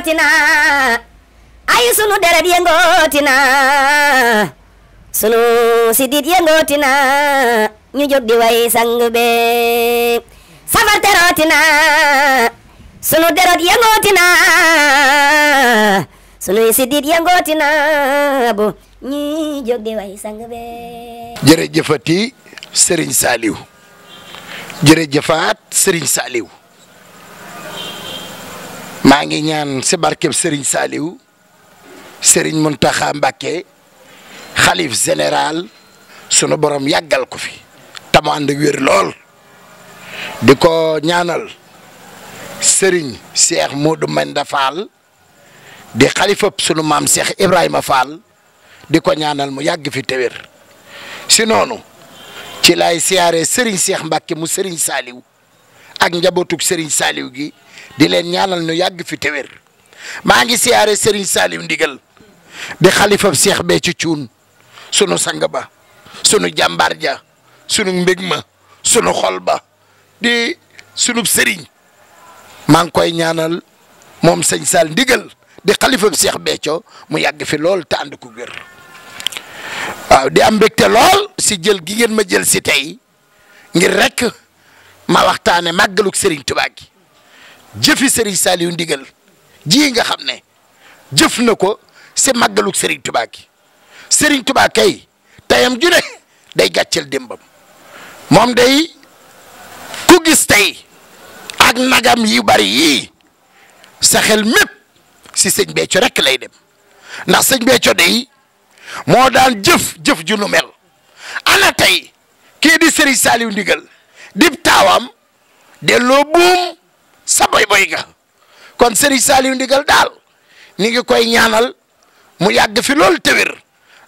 yëngootina ay sunu deret yëngootina sunu sidit yëngootina ñu jóg di way sang be safar terootina sunu deret yëngootina sunuy sidit yëngootina bu ñuy jóg di way sang be jërëjëfati Serigne Saliou jërëjëfaat Serigne Saliou maa ngi ñaan si barkeb Serigne Saliou Serigne Mountakha Mbacké xalif général sunu borom yàggal ko fi te mu ànd ak lool di ko ñaanal Serigne Cheikh Modou Menda Fall di xalifab sunu maam Cheikh Ibrahima Fall di ko ñaanal mu yàgg fi te wér si noonu ci lay siyaare Serigne Cheikh mbakke mu Serigne saaliw ak njabootug Serigne Saliou gi. di leen ñaanal ñu yàgg fi téwér maa ngi siyaare Serigne Salim Ndigal di xalifab Seex Béthio Thioune sunu sang ba sunu jàmbaar ja sunu mbég ma sunu xol ba di sunu sëriñ maa ngi koy ñaanal moom sëñ Sal Ndigal di bu Seex Béthio mu yàgg fi lool te ànd ku waaw di am mbégte lool si jël gi ngeen ma jël si tey ngir rek ma waxtaane màggaluk Serigne Touba gi jëfi Serigne Saliou ndigal ji nga xam ne jëf na ko si màggaluk Serigne Touba gi Serigne Touba kay tayam ju day gàcceel démbam moom day ku gis tey ak nagam yu bari yii sa xel si sëñ Béthio rek lay dem ndax sëñ Béthio day moo daan jëf jëf ju nu mel ana tey kii di Serigne Saliou ndigal dib taawam delloo buum. boy boy ga kon Serigne Saliou Ndigal daal ni ngi koy ñaanal mu yàgg fi loolu tëwér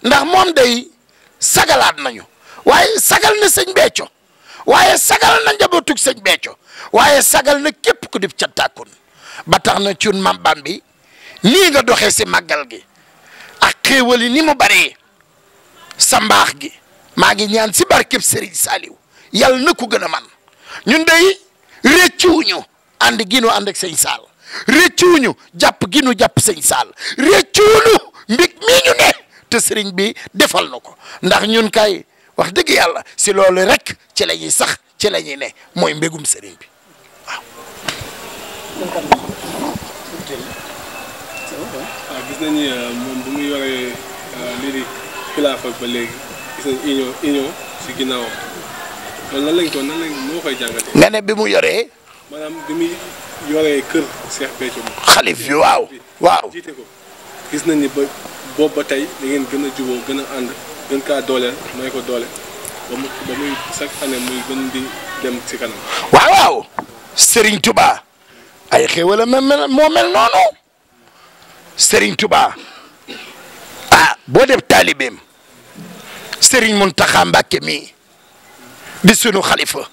ndax moom day sagalaat nañu waaye sagal na sëñ Béthio waaye sagal na sëñ Béthio waaye sagal na képp ku dib cattaakun ba tax na cun mambam bi nii nga doxee si màggal gi ak xéewal ni mu baree sa mbaax gi maa ngi ñaan si barkeb Serigne Saliou yàlla na ko gën a man ñun day réccuwuñu ànd gi nu ànd ak Saal réccuñu jàpp gi jàpp sëñ Saal réccuñu mbig ne te sëriñ bi defal na ko ndax ñun kay wax dëgg yàlla si loolu rek ci la sax ci la ñuy ne mooy mbegum sëriñ bi waaw. Ah, gis nañu euh, moom mu yoree euh, bi mu yoree. maanaam bi muy yoree kër Cheikh Béthio xalif bi waaw waaw jiite gis nañ ni ba ba tey da ngeen gën a juboo gën a ànd gën kaa dooleel may ko doole ba muy chaque année muy gën di dem ci kanam waaw waaw Serigne Touba ay xéwala mel moo mel noonu Serigne Touba ah boo def taalibeem Serigne Mountakha Mbacké mii di sunu xalifa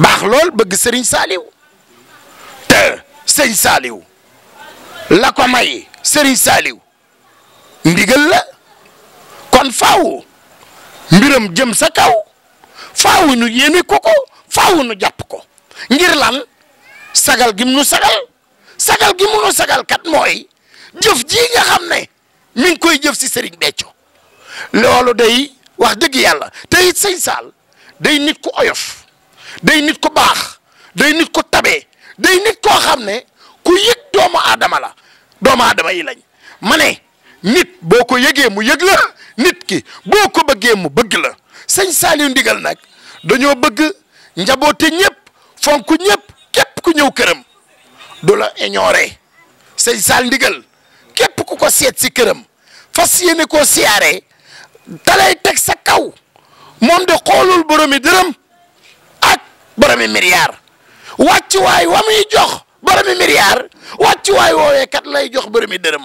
baax lool bëgg sëriñ saaliw te sëriñ saaliw la ko may sëriñ saaliw ndigal la kon faaw mbiram jëm sa kaw faaw nu yéene ko ko faaw nu jàpp ko ngir lan sagal gim nu sagal sagal gi nu sagal kat mooy jëf ji nga xam ne mi koy jëf si sëriñ Béthio loolu day wax dëgg yàlla te it sëñ Saal day nit ku oyof day nit ku baax day nit ku tabe day nit koo xam ne ku yëg doomu aadama la doomu adama yi lañ ma ne nit boo ko yëgee mu yëg la nit ki boo ko bëggee mu bëgg la sëñ Saliou Ndigal nag dañoo bëgg njaboote ñëpp fonk ñëpp képp ku ñëw këram du la ignoré sëñ Saliou Ndigal képp ku ko seet si këram fas yéene ko siyaaree dalay teg sa kaw moom de xoolul boromi dërëm boromi milliard wàccuwaay wa muy jox kat lay jox boromi dërëm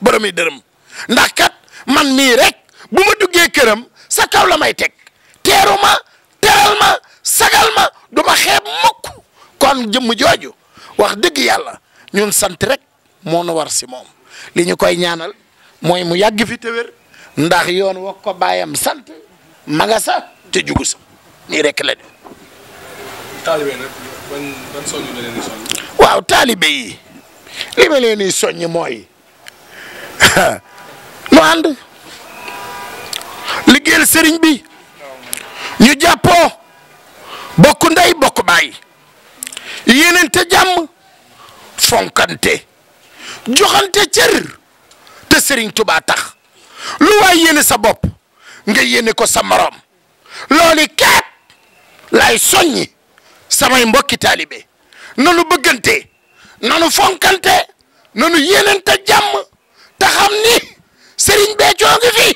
boromi dërëm ndax kat man mii rek bu ma duggee këram sa la may teg teeru ma teral ma sagal ma du ma xeeb mukk kon jëmm jooju wax dëgg yàlla ñun sant rek moo nu war si moom li ñu koy ñaanal mooy mu yàgg fi te wér ndax yoon wax ko baayam sant ma nga te jugu sa nii la de taalibe nag ban ban soññ nga waaw taalibe yi li ma leen mooy nu ànd liggéeyal sëriñ bi ñu jàppoo bokk ndey bokk baay yéenante jàmm fonkante joxante cër te sëriñ Tuubaa tax lu waay yéene sa bopp nga ko sa morom loolu lay soññi. samay mbokki taalibe nanu bëggante nanu fonkante nanu yéenante jàmm te xam ni Serigne Béthio ngi fi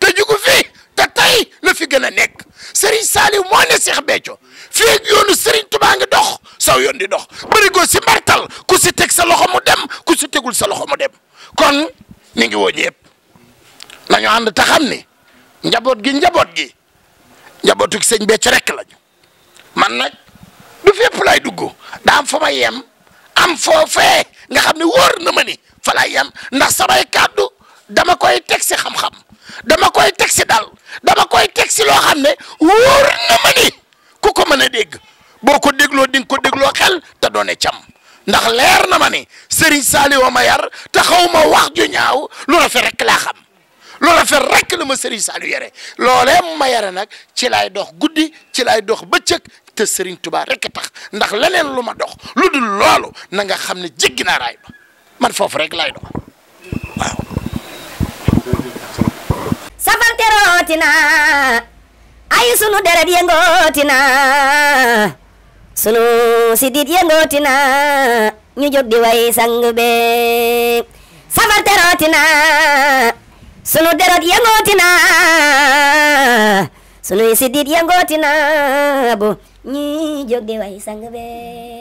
te jugu fi te tey la fi gën a nekk Serigne Saliou moo ne Cheikh Béthio fii yoonu Serigne Touba dox saw yoon di dox bërigoo si mbartal ku si teg sa loxo mu dem ku si tegul sa loxo mu dem kon mi ngi woo ñëpp nañu ànd te xam ni njaboot gi njaboot gi njabootu sëñ Béthio rek lañu man nag fépp lay dugg daa am fa ma yem am foofee nga xam ne wóor na ma ni yem ndax samay kàddu dama koy teg si xam-xam dama koy teg si dal dama koy teg si loo xam ne wóor na ma ku ko mën a dégg boo ko dégloo di nga ko dégloo xel te doone cam ndax leer na ma ni Serigne Saliou ma yar te xaw ma wax ju ñaaw lu rafet rek laa xam lu rafet rek la ma Serigne Saliou yere loole ma yare nag ci laay dox guddi ci laay dox bëccëg te Serigne Touba rek tax ndax leneen lu ma dox lu dul loolu na nga xam ne jéggi naa raay ba man foofu rek laay dox waaw. safar terooti na ay sunu deret yëngooti na sunu sidit yëngooti na ñu sunu deret yëngooti na sunuy sidit yëngooti ñi jóg di way sang be